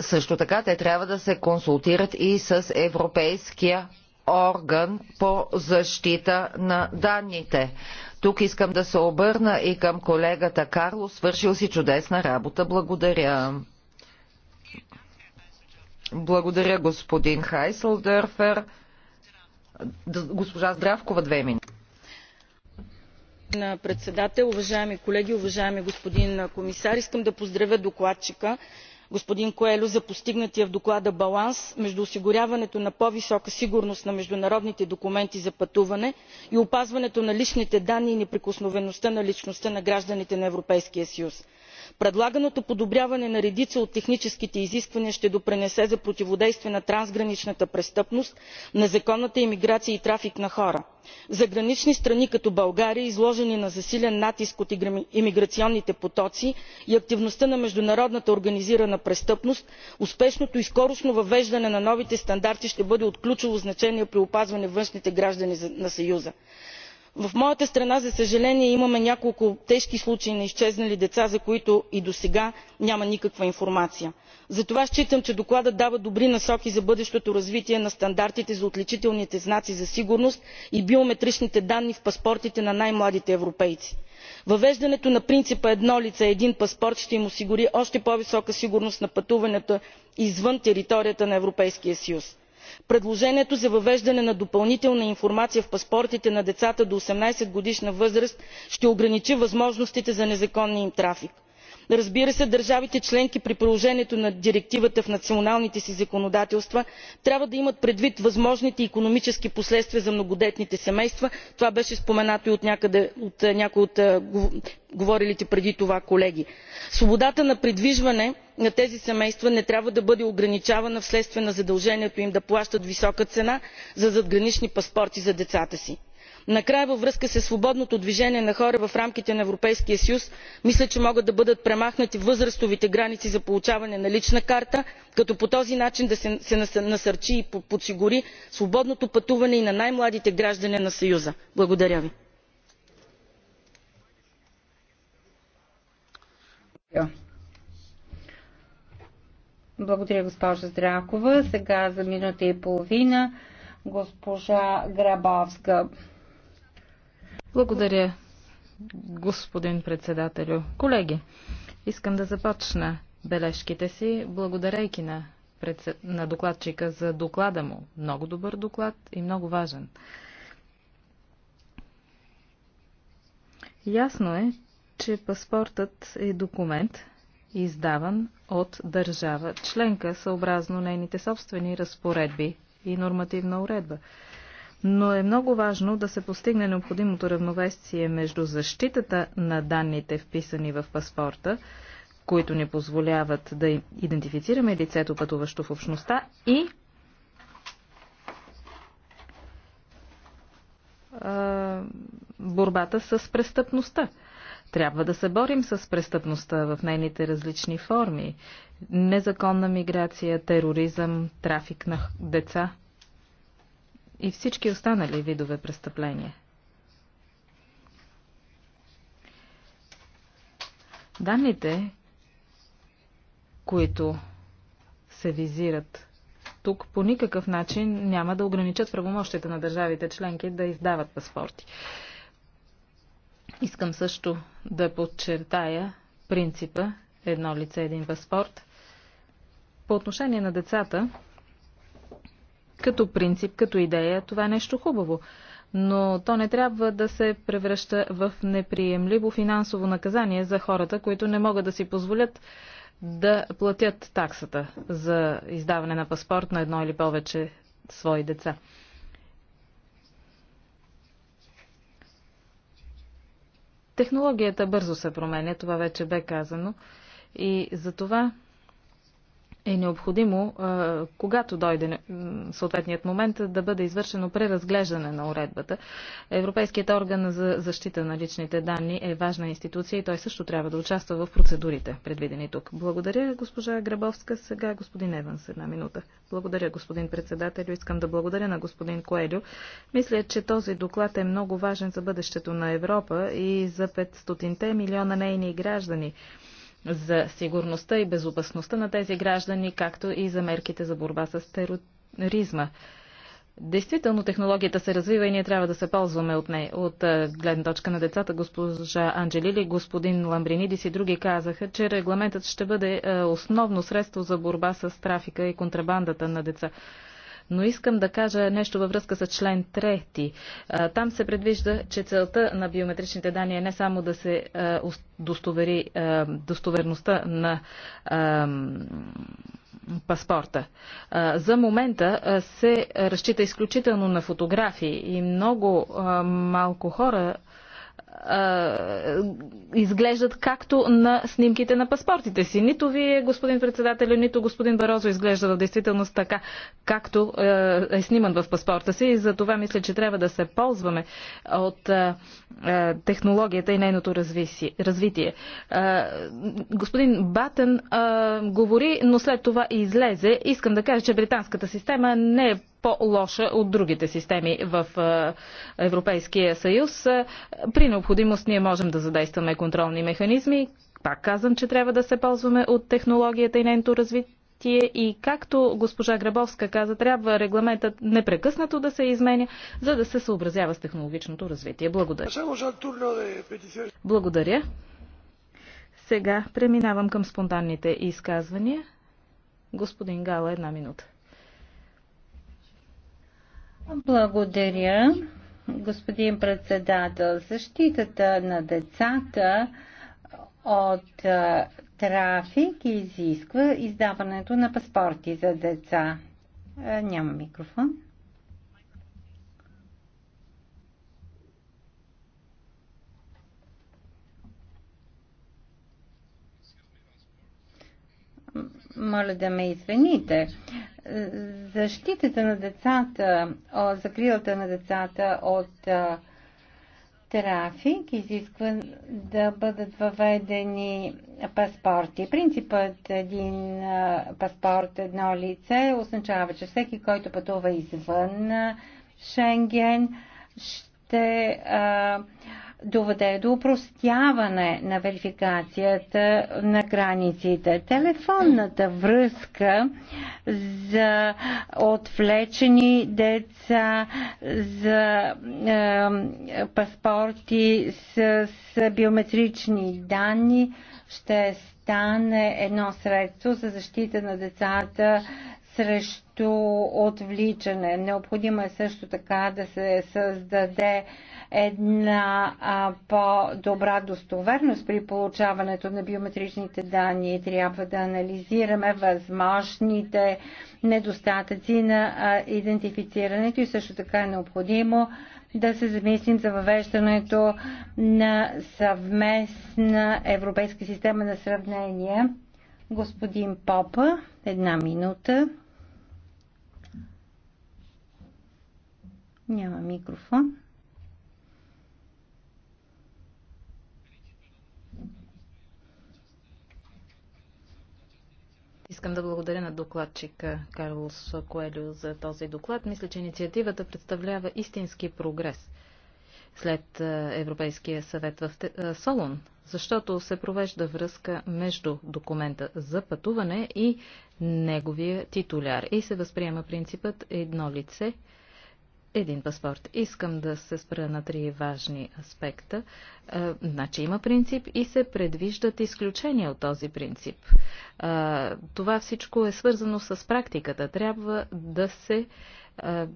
S1: Също така те трябва да се консултират и с Европейския орган по защита на данните. Тук искам да се обърна и към колегата Карло. Свършил си чудесна работа. Благодаря. Благодаря господин Хайселдърфер. Госпожа Здравкова, две минути господин председател уважаеми колеги
S5: уважаеми господин комисар! искам да поздравя докладчика господин коелho за постигнатия в доклада баланс между осигуряването на по висока сигурност на международните документи за пътуване и опазването на личните данни и неприкосновеността на личността на гражданите на европейския съюз предлаганото подобряване на редица от техническите изисквания ще допринесе за противодействие на трансграничната престъпност незаконната имиграция и трафик на хора. гранични страни като българя изложени на засилен натиск от имиграционните потоци и активността на международната организирана престъпност успешното и скорошно въвеждане на новите стандарти ще бъде от ключово значение при опазване външните граници на съюза в моята страна за съжаление имаме няколко тежки случаи на изчезнали деца за които и досега няма никаква информация. затова считам че докладът дава добри насоки за бъдещото развитие на стандартите за отличителните знаци за сигурност и биометричните данни в паспортите на най младите европейци. въвеждането на принципа едно лице един паспорт ще им осигури още по висока сигурност на пътуванията извън територията на европейския съюз предложението за въвеждане на допълнителна информация в паспортите на децата до 18 годишна възраст ще ограничи възможностите за незаконния им трафик разбира се държавите членки при приложението на директивата в националните си законодателства трябва да имат предвид възможните икономически последствия за многодетните семейства това беше споменато и от е, някои от е, говорилите преди това колеги. свободата на придвижване на тези семейства не трябва да бъде ограничавана вследствие на задължението им да плащат висока цена за задгранични паспорти за децата си накрая във връзка със свободното движение на хора в рамките на европейския съюз мисля че могат да бъдат премахнати възрастовите граници за получаване на лична карта като по този начин се насърчи и подсигури свободното пътуване и на най младите граждани на съюза. благодаря ви.
S3: Благодаря, госпожа Здракова. Сега за минута и половина госпожа Грабовска.
S4: Благодаря, господин председателю. Колеги, искам да започна бележките си, благодарейки на, председ... на докладчика за доклада му. Много добър доклад и много важен. Ясно е, че паспортът е документ, издаван от държава членка, съобразно нейните собствени разпоредби и нормативна уредба но е много важно да се постигне необходимото равновесие между защитата на данните, вписани в паспорта, които ни позволяват да идентифицираме лицето, пътуващо в общността, и борбата с престъпността. Трябва да се борим с престъпността в нейните различни форми. Незаконна миграция, тероризъм, трафик на деца – и всички останали видове престъпления. Данните, които се визират тук, по никакъв начин няма да ограничат правомощите на държавите членки да издават паспорти. Искам също да подчертая принципа едно лице, един паспорт. По отношение на децата, като принцип, като идея, това е нещо хубаво. Но то не трябва да се превръща в неприемливо финансово наказание за хората, които не могат да си позволят да платят таксата за издаване на паспорт на едно или повече свои деца. Технологията бързо се променя, това вече бе казано. И за това е необходимо, когато дойде съответният момент, да бъде извършено преразглеждане на уредбата. Европейският орган за защита на личните данни е важна институция и той също трябва да участва в процедурите, предвидени тук. Благодаря, госпожа Грабовска. Сега господин Еванс, една минута. Благодаря, господин председател. Искам да благодаря на господин Коелю. Мисля, че този доклад е много важен за бъдещето на Европа и за 500-те милиона нейни граждани за сигурността и безопасността на тези граждани, както и за мерките за борба с тероризма. Действително технологията се развива и ние трябва да се ползваме от нея. От гледна точка на децата, госпожа Анджелили, господин Ламбринидис и други казаха, че регламентът ще бъде основно средство за борба с трафика и контрабандата на деца. Но искам да кажа нещо във връзка с член 3. Там се предвижда, че целта на биометричните данни е не само да се достовери достоверността на паспорта. За момента се разчита изключително на фотографии и много малко хора изглеждат както на снимките на паспортите си. Нито вие, господин председател, нито господин Барозо изглежда в действителност така, както е сниман в паспорта си. И за това мисля, че трябва да се ползваме от технологията и нейното развитие. Господин Батен говори, но след това излезе. Искам да кажа, че британската система не е по-лоша от другите системи в е, Европейския съюз. Е, при необходимост ние можем да задействаме контролни механизми. Пак казвам, че трябва да се ползваме от технологията и нейното развитие развитие и както госпожа Грабовска каза, трябва регламентът непрекъснато да се изменя, за да се съобразява с технологичното развитие. Благодаря. Благодаря. Сега преминавам към спонтанните изказвания. Господин Гала, една минута. Благодаря,
S3: господин председател. Защитата на децата от трафик изисква издаването на паспорти за деца. Няма микрофон. Моля да ме извините защитата на децата, закрилата на децата от трафик изисква да бъдат въведени паспорти. Принципът един паспорт, едно лице означава, че всеки, който пътува извън Шенген, ще а, доведе до упростяване на верификацията на границите. Телефонната връзка за отвлечени деца, за е, паспорти с, с биометрични данни ще стане едно средство за защита на децата срещу отвличане. Необходимо е също така да се създаде една по-добра достоверност при получаването на биометричните данни. Трябва да анализираме възможните недостатъци на а, идентифицирането и също така е необходимо да се замислим за въвеждането на съвместна европейска система на сравнение. Господин Попа, една минута. Няма микрофон.
S4: Искам да благодаря на докладчика Карлос Коелю за този доклад. Мисля, че инициативата представлява истински прогрес след е, Европейския съвет в е, Солон, защото се провежда връзка между документа за пътуване и неговия титуляр и се възприема принципът едно лице – един паспорт. Искам да се спра на три важни аспекта. Е, значи има принцип и се предвиждат изключения от този принцип. Е, това всичко е свързано с практиката. Трябва да се е,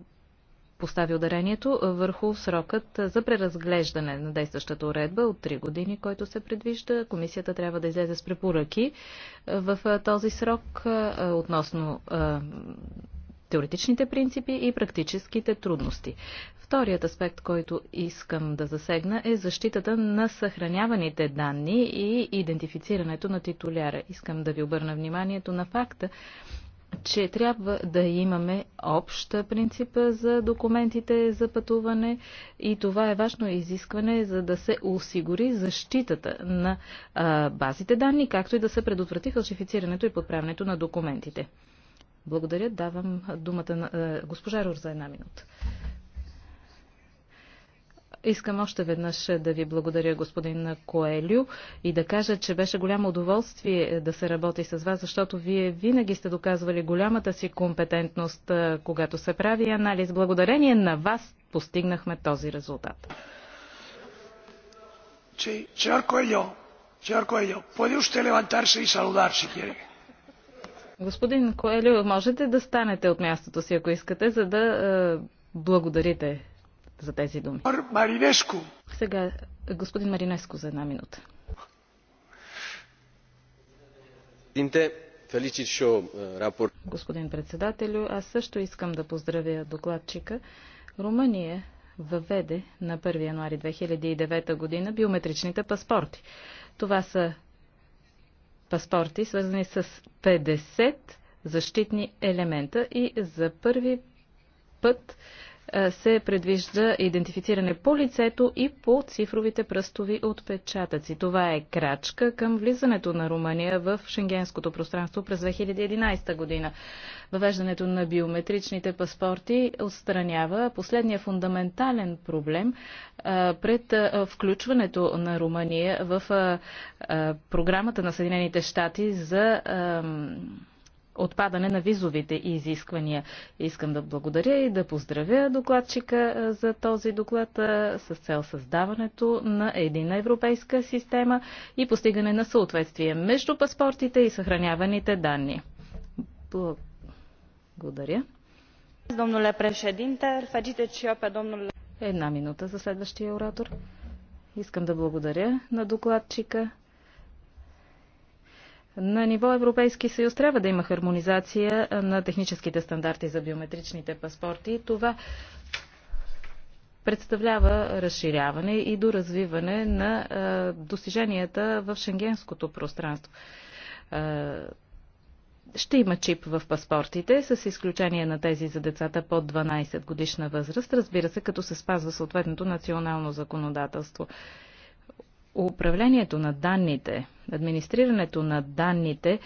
S4: постави ударението върху срокът за преразглеждане на действащата уредба от 3 години, който се предвижда. Комисията трябва да излезе с препоръки в този срок относно теоретичните принципи и практическите трудности. Вторият аспект, който искам да засегна е защитата на съхраняваните данни и идентифицирането на титуляра. Искам да ви обърна вниманието на факта, че трябва да имаме обща принципа за документите за пътуване и това е важно изискване, за да се осигури защитата на а, базите данни, както и да се предотврати фалшифицирането и подправянето на документите. Благодаря. Давам думата на е, госпожа Рур за една минута. Искам още веднъж да ви благодаря, господин Коелю, и да кажа, че беше голямо удоволствие да се работи с вас, защото вие винаги сте доказвали голямата си компетентност, е, когато се прави анализ. Благодарение на вас постигнахме този резултат.
S1: Sí, señor Чарко señor може puede usted levantarse и saludar si
S4: Господин Коелю, можете да станете от мястото си, ако искате, за да е, благодарите за тези думи. Маринеско. Сега господин Маринеско за една минута. Е, господин председателю, аз също искам да поздравя докладчика. Румъния въведе на 1 януари 2009 година биометричните паспорти. Това са паспорти, свързани с 50 защитни елемента и за първи път е, се предвижда идентифициране по лицето и по цифровите пръстови отпечатъци. Това е крачка към влизането на Румъния в шенгенското пространство през 2011 година. Въвеждането на биометричните паспорти отстранява последния фундаментален проблем е, пред е, включването на Румъния в програмата на Съединените щати за отпадане на визовите изисквания. Искам да благодаря и да поздравя докладчика за този доклад с цел създаването на едина европейска система и постигане на съответствие между паспортите и съхраняваните данни. Благодаря. Една минута за следващия оратор. Искам да благодаря на докладчика на ниво Европейски съюз трябва да има хармонизация на техническите стандарти за биометричните паспорти. Това представлява разширяване и доразвиване на достиженията в шенгенското пространство. ще има чип в паспортите, с изключение на тези за децата под 12 годишна възраст, разбира се, като се спазва съответното национално законодателство управлението на данните, администрирането на данните,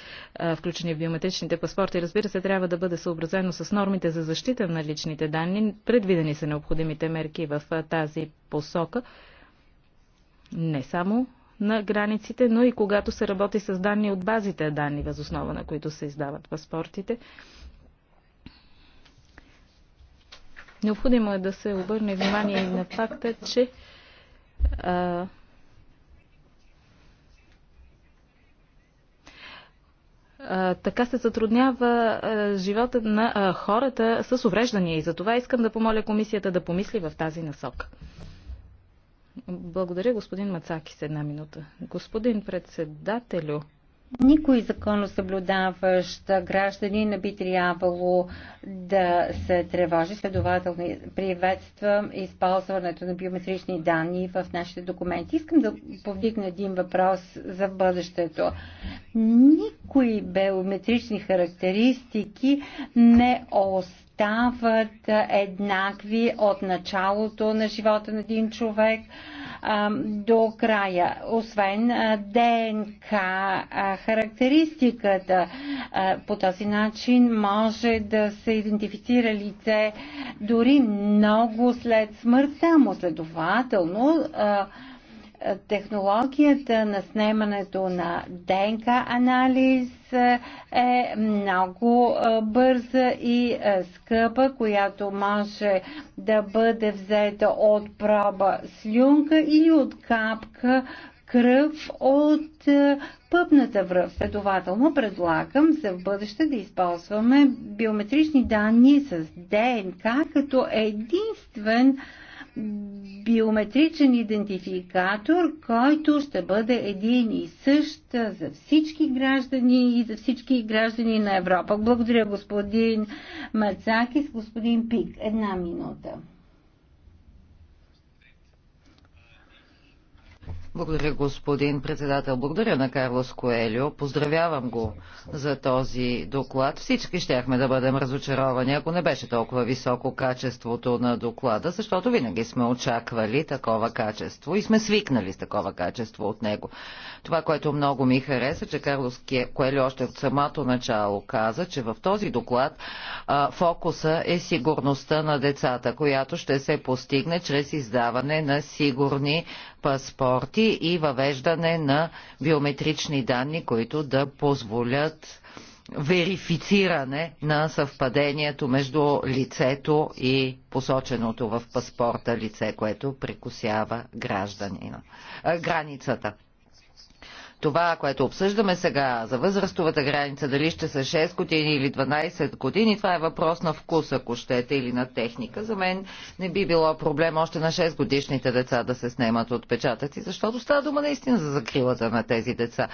S4: включени в биометричните паспорти, разбира се, трябва да бъде съобразено с нормите за защита на личните данни. Предвидени са необходимите мерки в тази посока. Не само на границите, но и когато се работи с данни от базите данни, възоснова на които се издават паспортите. Необходимо е да се обърне внимание и на факта, че а, така се затруднява живота на хората с увреждания и за това искам да помоля комисията да помисли в тази насока. Благодаря, господин Мацаки, с една минута. Господин
S3: председателю, никой законосъблюдаващ гражданин не би трябвало да се тревожи. Следователно приветствам използването на биометрични данни в нашите документи. Искам да повдигна един въпрос за бъдещето. Никои биометрични характеристики не остават стават еднакви от началото на живота на един човек до края. Освен ДНК характеристиката, по този начин може да се идентифицира лице дори много след смъртта му. Следователно, Технологията на снимането на ДНК анализ е много е, бърза и е, скъпа, която може да бъде взета от проба слюнка или от капка кръв от е, пъпната връв. Следователно предлагам за в бъдеще да използваме биометрични данни с ДНК като единствен биометричен идентификатор, който ще бъде един и същ за всички граждани и за всички граждани на Европа. Благодаря господин Мацакис, господин Пик. Една минута.
S1: Благодаря, господин председател. Благодаря на Карлос Коелио. Поздравявам го за този доклад. Всички щяхме да бъдем разочаровани, ако не беше толкова високо качеството на доклада, защото винаги сме очаквали такова качество и сме свикнали с такова качество от него. Това, което много ми хареса, че Карлос Коелио още от самото начало каза, че в този доклад а, фокуса е сигурността на децата, която ще се постигне чрез издаване на сигурни паспорти технологии и въвеждане на биометрични данни, които да позволят верифициране на съвпадението между лицето и посоченото в паспорта лице, което прекусява гражданина, границата това, което обсъждаме сега за възрастовата граница, дали ще са 6 години или 12 години, това е въпрос на вкус, ако щете, или на техника. За мен не би било проблем още на 6 годишните деца да се снемат отпечатъци, защото става дума наистина за закрилата на тези деца.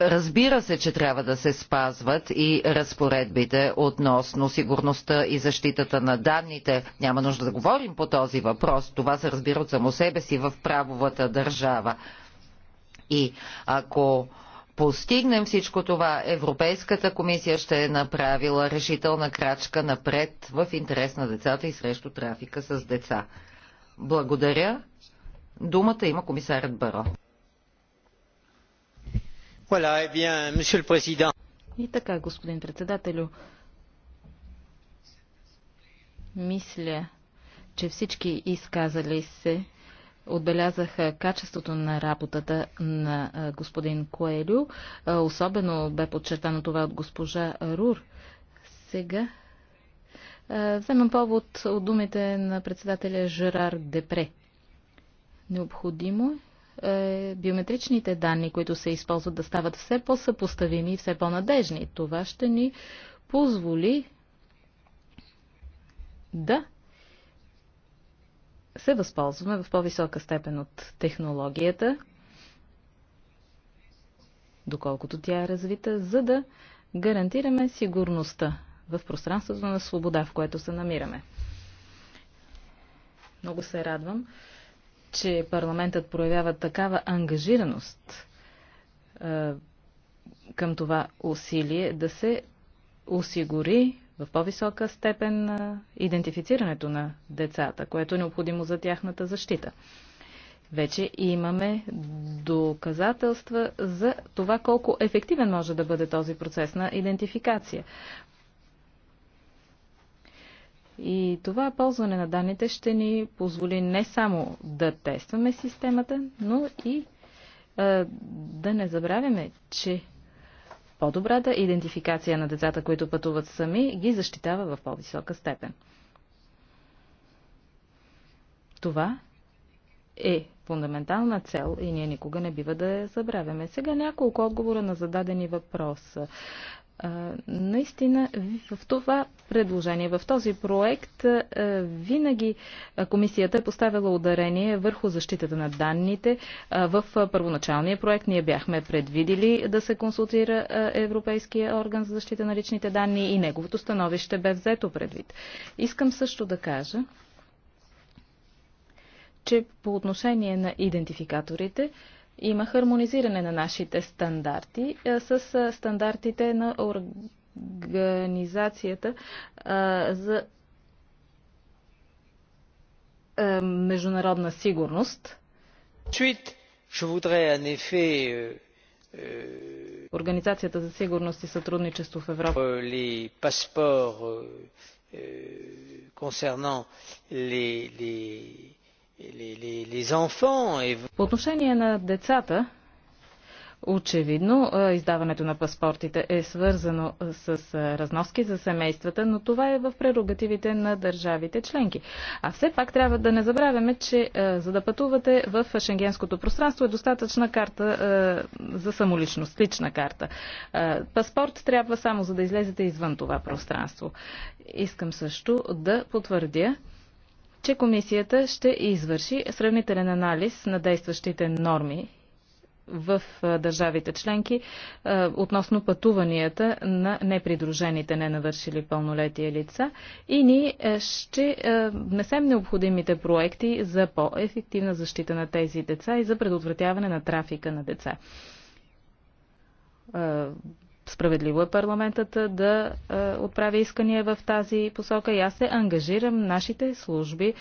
S1: Разбира се, че трябва да се спазват и разпоредбите относно сигурността и защитата на данните. Няма нужда да говорим по този въпрос. Това се разбира от само себе си в правовата държава. И ако постигнем всичко това, Европейската комисия ще е направила решителна крачка напред в интерес на децата и срещу трафика с деца. Благодаря. Думата има комисарят Баро.
S2: Eh
S1: и така, господин председателю,
S4: мисля, че всички изказали се отбелязах качеството на работата на господин Коелю. Особено бе подчертано това от госпожа Рур. Сега вземам повод от думите на председателя Жерар Депре. Необходимо е биометричните данни, които се използват да стават все по-съпоставими и все по-надежни. Това ще ни позволи да се възползваме в по-висока степен от технологията, доколкото тя е развита, за да гарантираме сигурността в пространството на свобода, в което се намираме. Много се радвам, че парламентът проявява такава ангажираност е, към това усилие да се осигури в по-висока степен идентифицирането на децата, което е необходимо за тяхната защита. Вече имаме доказателства за това колко ефективен може да бъде този процес на идентификация. И това ползване на данните ще ни позволи не само да тестваме системата, но и да не забравяме, че по-добрата идентификация на децата, които пътуват сами, ги защитава в по-висока степен. Това е фундаментална цел и ние никога не бива да я забравяме. Сега няколко отговора на зададени въпроса наистина в това предложение, в този проект винаги комисията е поставила ударение върху защитата на данните. В първоначалния проект ние бяхме предвидили да се консултира Европейския орган за защита на личните данни и неговото становище бе взето предвид. Искам също да кажа, че по отношение на идентификаторите, има хармонизиране на нашите стандарти с стандартите на организацията за международна сигурност.
S2: Euh, euh,
S4: организацията за сигурност и сътрудничество в Европа.
S2: ли euh, les enfants et
S4: отношение на децата, Очевидно, издаването на паспортите е свързано с разноски за семействата, но това е в прерогативите на държавите членки. А все пак трябва да не забравяме, че за да пътувате в шенгенското пространство е достатъчна карта за самоличност, лична карта. Паспорт трябва само за да излезете извън това пространство. Искам също да потвърдя, че комисията ще извърши сравнителен анализ на действащите норми в държавите членки относно пътуванията на непридружените, ненавършили пълнолетие лица и ние ще внесем необходимите проекти за по-ефективна защита на тези деца и за предотвратяване на трафика на деца Справедливо е парламентът да отправя искания в тази посока и аз се ангажирам нашите служби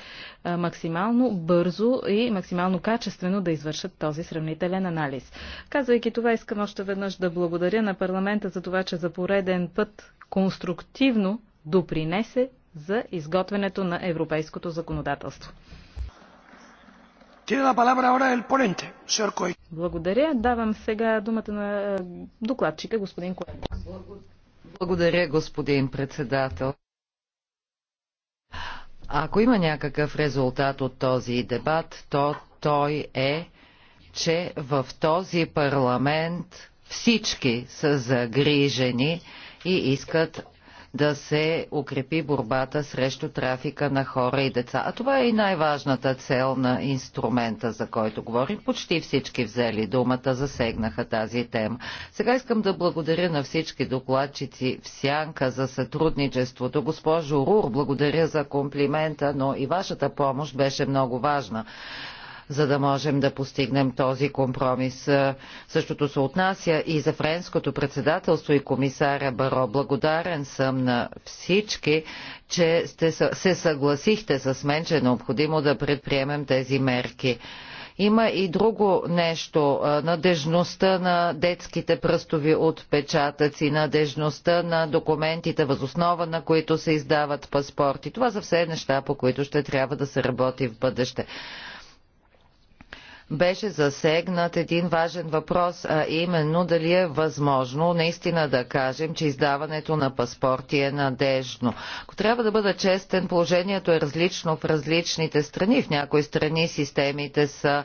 S4: максимално бързо и максимално качествено да извършат този сравнителен анализ. Казвайки това, искам още веднъж да благодаря на парламента за това, че за пореден път конструктивно допринесе за изготвянето на европейското законодателство. Благодаря. Давам сега думата на е, докладчика, господин Коен.
S1: Благодаря, господин председател. Ако има някакъв резултат от този дебат, то той е, че в този парламент всички са загрижени и искат да се укрепи борбата срещу трафика на хора и деца. А това е и най-важната цел на инструмента, за който говорим. Почти всички взели думата, засегнаха тази тема. Сега искам да благодаря на всички докладчици в Сянка за сътрудничеството. Госпожо Рур, благодаря за комплимента, но и вашата помощ беше много важна за да можем да постигнем този компромис. Е, същото се отнася и за френското председателство и комисаря Баро. Благодарен съм на всички, че сте, се съгласихте с мен, че е необходимо да предприемем тези мерки. Има и друго нещо. Е, надежността на детските пръстови отпечатъци, надежността на документите, възоснова на които се издават паспорти. Това са все неща, по които ще трябва да се работи в бъдеще беше засегнат един важен въпрос, а именно дали е възможно наистина да кажем, че издаването на паспорти е надежно. Ако трябва да бъда честен, положението е различно в различните страни. В някои страни системите са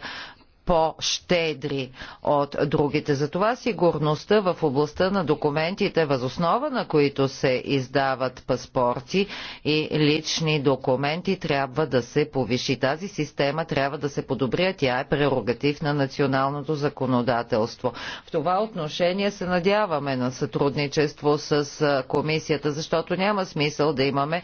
S1: по-щедри от другите. Затова сигурността в областта на документите, възоснова на които се издават паспорти и лични документи, трябва да се повиши. Тази система трябва да се подобри, а тя е прерогатив на националното законодателство. В това отношение се надяваме на сътрудничество с комисията, защото няма смисъл да имаме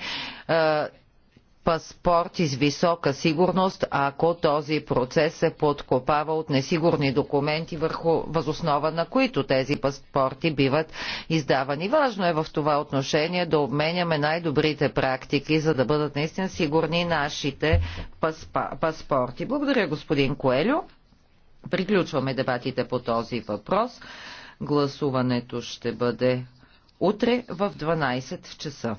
S1: паспорт из висока сигурност, ако този процес се подкопава от несигурни документи, върху възоснова на които тези паспорти биват издавани. Важно е в това отношение да обменяме най-добрите практики, за да бъдат наистина сигурни нашите паспорти. Благодаря, господин Коелю. Приключваме дебатите по този въпрос. Гласуването ще бъде утре в 12 часа.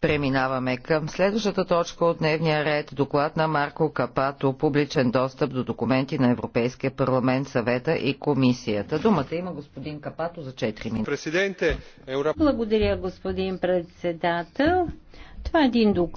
S1: Преминаваме към следващата точка от дневния ред. Доклад на Марко Капато. Публичен достъп до документи на Европейския парламент, съвета и комисията. Думата има господин Капато за 4 минути.
S3: Благодаря, господин председател. Това е един доклад